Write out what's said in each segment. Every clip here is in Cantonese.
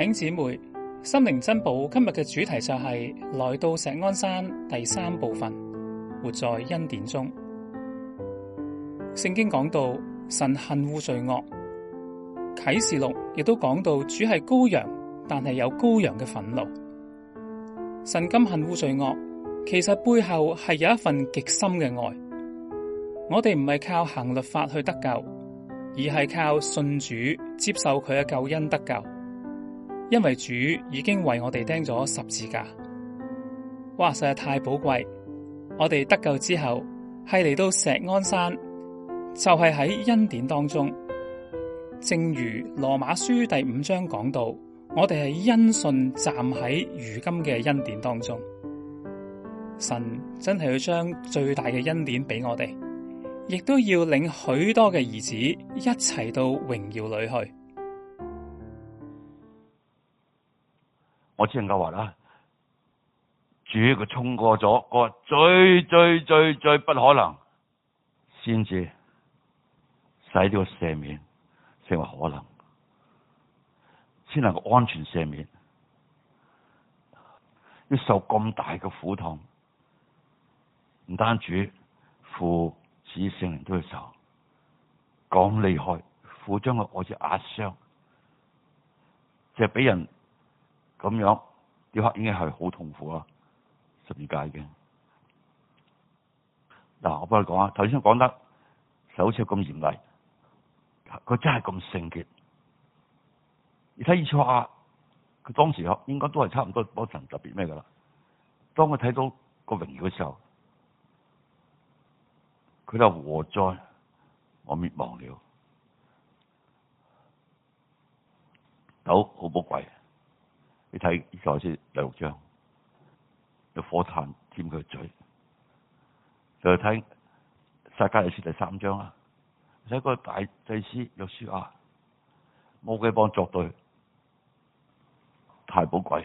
兄姊妹，心靈珍寶，今日嘅主題就係、是、來到錫安山第三部分，活在恩典中。聖經講到神恨惡罪惡，啟示錄亦都講到主係羔羊，但係有羔羊嘅憤怒。神今恨惡罪惡，其實背後係有一份極深嘅愛。我哋唔係靠行律法去得救，而係靠信主接受佢嘅救恩得救。因為主已經為我哋釘咗十字架，哇！實在太寶貴。我哋得救之後，係嚟到錫安山，就係、是、喺恩典當中。正如羅馬書第五章講到，我哋係因信站喺如今嘅恩典當中。神真係要將最大嘅恩典俾我哋，亦都要領許多嘅兒子一齊到榮耀裏去。我只能夠話啦，主佢沖過咗，我最，最最最最不可能先至使呢個赦免成為可能，先能夠安全赦免，要受咁大嘅苦痛，唔單止父子聖靈，都要受，咁厲害。父將我我只壓傷，就俾、是、人。咁樣啲客已經係好痛苦啦，十二屆嘅。嗱，我幫你講下，頭先講得手續咁嚴厲，佢真係咁聖潔。你睇以賽亞佢當時應該都係差唔多幫神特別咩噶啦。當佢睇到個榮耀嘅時候，佢就禍哉，我滅亡了。好，好寶貴。睇《以賽亞書》第六章，有火炭沾佢個嘴。就睇《撒迦利亞書》第三章啊，睇個大祭司約書亞，魔鬼幫作對，太寶貴，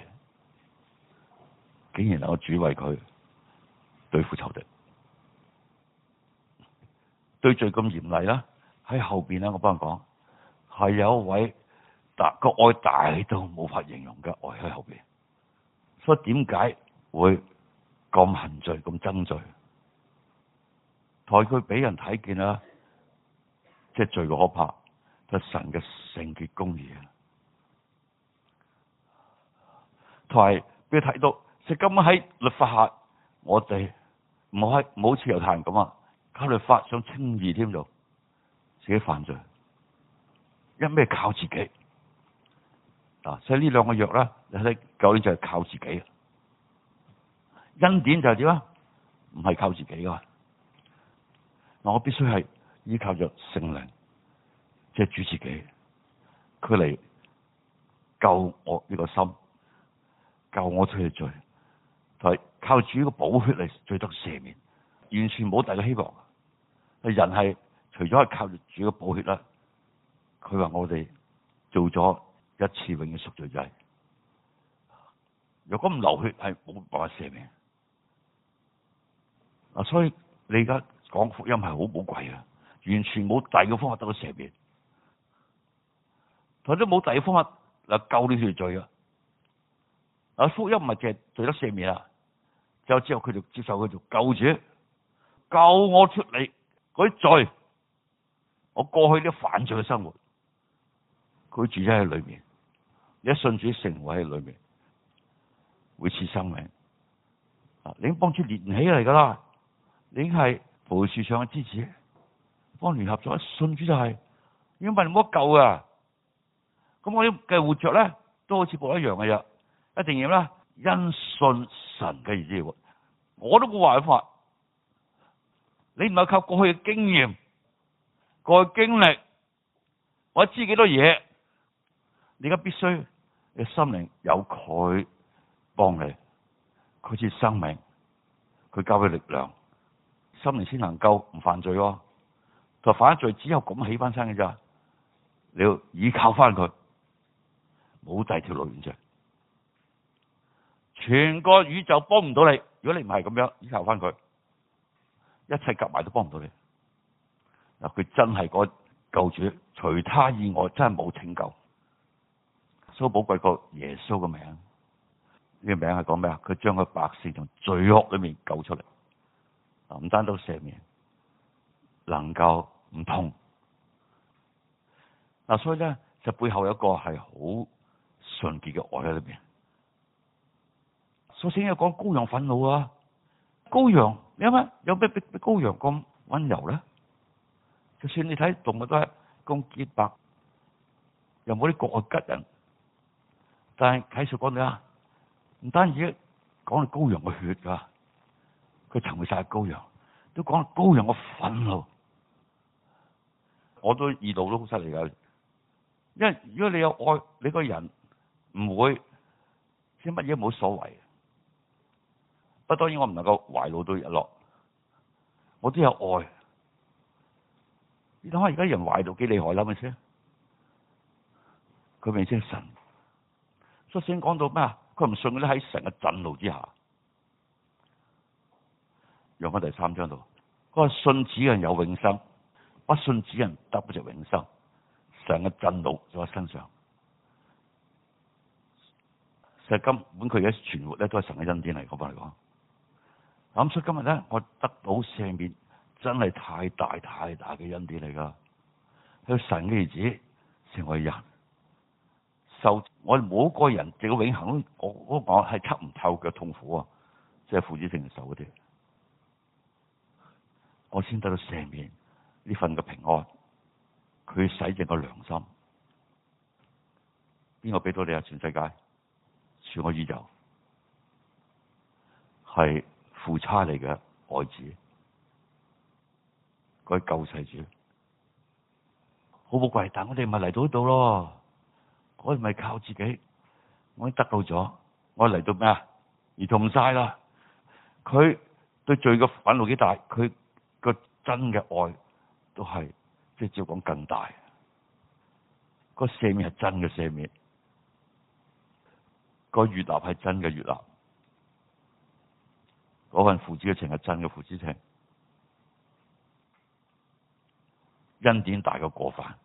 竟然能夠主為佢對付仇敵，對罪咁嚴厲啦。喺後邊呢，我幫人講，係有一位。但個愛大到冇法形容嘅愛喺後邊，所以點解會咁恨罪、咁憎罪？台佢俾人睇見啦，即係最可怕，就神嘅聖潔公義啊！同埋俾佢睇到，即今喺律法下，我哋唔喺，唔好似猶太人咁啊！靠律法想稱義添咗，自己犯罪，因咩靠自己？啊！所以呢兩個藥咧，究竟就係靠自己。恩典就係點啊？唔係靠自己噶。嗱，我必須係依靠着聖靈，即係主自己，佢嚟救我呢個心，救我出去。罪，係靠主個寶血嚟，罪得赦免，完全冇第二個希望。人係除咗係靠住主嘅寶血啦，佢話我哋做咗。一次永遠贖罪債，就係，如果唔流血係冇辦法赦免，啊！所以你而家講福音係好寶貴嘅，完全冇第二個方法得到赦免，或者冇第二個方法嗱救呢條罪啊！啊，福音唔係淨係罪得赦免啊，之後之後佢就接受佢做救主，救我出嚟嗰啲罪，我過去啲犯罪嘅生活，佢住咗喺裏面。一信主成為喺裏面，會似生命。你已經幫住連起嚟噶啦，你已經係普世上嘅支持，幫聯合咗一信主就係要問冇得救噶，咁我要繼續活着咧，都好似冇一樣嘅，一定要啦，因信神嘅意思活，我都冇辦法。你唔係靠過去嘅經驗，過去經歷，我知幾多嘢，你而家必須。你心靈有佢幫你，佢似生命，佢交俾力量，心靈先能夠唔犯罪。佢犯咗罪，只有咁起翻身嘅咋，你要依靠翻佢，冇第二條路嘅啫。全個宇宙幫唔到你，如果你唔係咁樣依靠翻佢，一切夾埋都幫唔到你。嗱，佢真係個救主，除他以外真係冇拯救。蘇寶貴國耶穌的名、這個名是什麼，呢個名係講咩啊？佢將個白事從罪惡裏面救出嚟，唔單止赦免，能夠唔痛，嗱，所以咧就背後有一個係好純潔嘅愛喺裏邊。首先要講羔羊憤怒啊！羔羊你諗下，有咩比比羔羊咁温柔咧？就算你睇動物都係咁潔白，又冇啲國外吉人。但係啟少講你啊，唔單止講羔羊嘅血㗎，佢尋佢晒羔羊，都講羔羊嘅憤怒，我都耳到都好犀利㗎。因為如果你有愛，你個人唔會知乜嘢冇所謂。不當然我唔能夠懷怒到日落，我都有愛。你睇下而家人懷到幾厲害，啦，咪先，佢咪先神。率先講到咩啊？佢唔信嗰啲喺神嘅震怒之下。用翻第三章度，佢話信子嘅人有永生，不信子人得不着永生。神嘅震怒喺我身上。石金本佢而家存活咧，都係神嘅恩典嚟。講翻嚟講，咁所以今日咧，我得到上面真係太大太大嘅恩典嚟噶。佢神嘅兒子成為人。就我冇一個人，直到永恒，我我講係吸唔透嘅痛苦啊！即係父子承受嗰啲，我先得到赦免呢份嘅平安，佢洗淨個良心，邊個俾到你啊？全世界恕我依由，係父差嚟嘅愛子，啲救世主，好寶貴，但我哋咪嚟到呢度咯。我係咪靠自己，我已經得到咗，我嚟到咩啊？而同晒啦，佢對罪嘅憤怒幾大，佢個真嘅愛都係即係照講更大，個赦免係真嘅赦免，個悅納係真嘅悅納。嗰份父子嘅情係真嘅父子情，恩典大過過犯。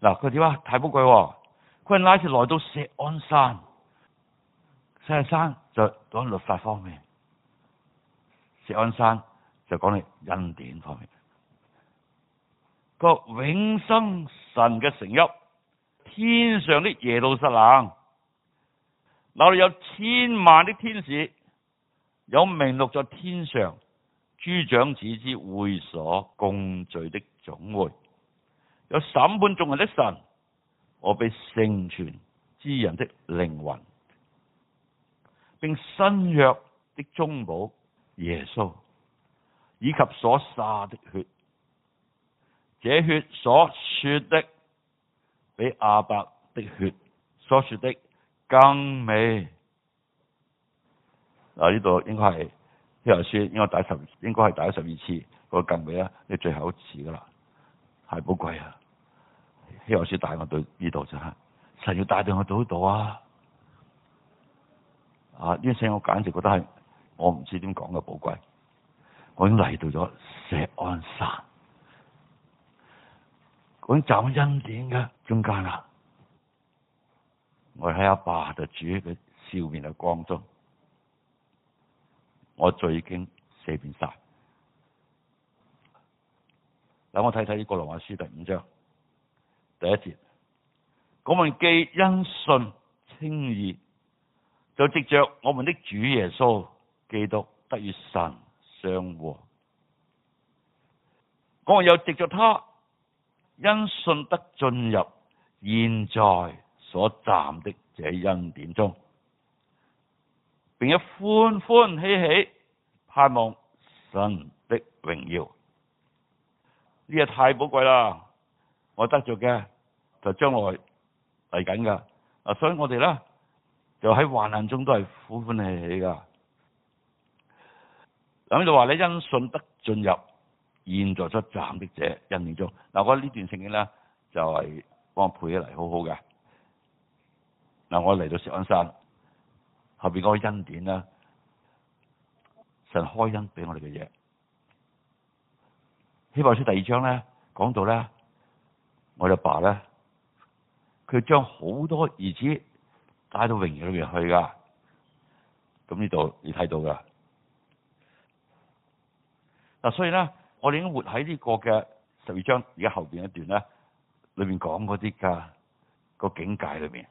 嗱，佢點啊？太寶貴喎！佢拉住來到錫安山，錫安山就講律法方面；錫安山就講起恩典方面。個永生神嘅城邑，天上的耶路撒冷，那裏有千萬的天使，有名錄在天上，諸長子之會所共聚的總會。有審判眾人的神，我被成全之人的靈魂，並新約的中保耶穌，以及所灑的血，這血所說的比亞伯的血所說的更美。嗱，呢度應該係呢本書應該第十應該係第十二次，個更美啊！你最後一次噶啦，太寶貴啊！希羅斯帶我到呢度就係，神要帶我到呢度啊！啊，呢樣我簡直覺得係我唔知點講嘅寶貴。我已經嚟到咗錫安山，我站喺恩典嘅中間啊！我喺阿爸度住喺佢笑面嘅光中，我最驚死變晒。嗱，我睇睇呢個羅馬書第五章。第一節，我們既因信稱義，就藉着我們的主耶穌基督得與神相和。我們又藉着他，因信得進入現在所站的這恩典中，並且歡歡喜喜盼望神的榮耀。呢個太寶貴啦！我得着嘅就是，將來嚟緊噶，啊！所以我哋咧就喺患難中都係歡歡喜喜噶。咁就話咧，因信得進入現在所站的這恩典中。嗱，我呢段聖經咧就係，是，幫我配起嚟，好好嘅。嗱，我嚟到錫安山，後邊嗰個恩典咧，神開恩俾我哋嘅嘢。希伯來書第二章咧講到咧。我阿爸咧，佢將好多兒子帶到榮耀裏面去噶，咁呢度你睇到噶。嗱，所以咧，我哋已經活喺呢個嘅十二章，而家後邊一段咧，裏面講嗰啲噶個境界裏面。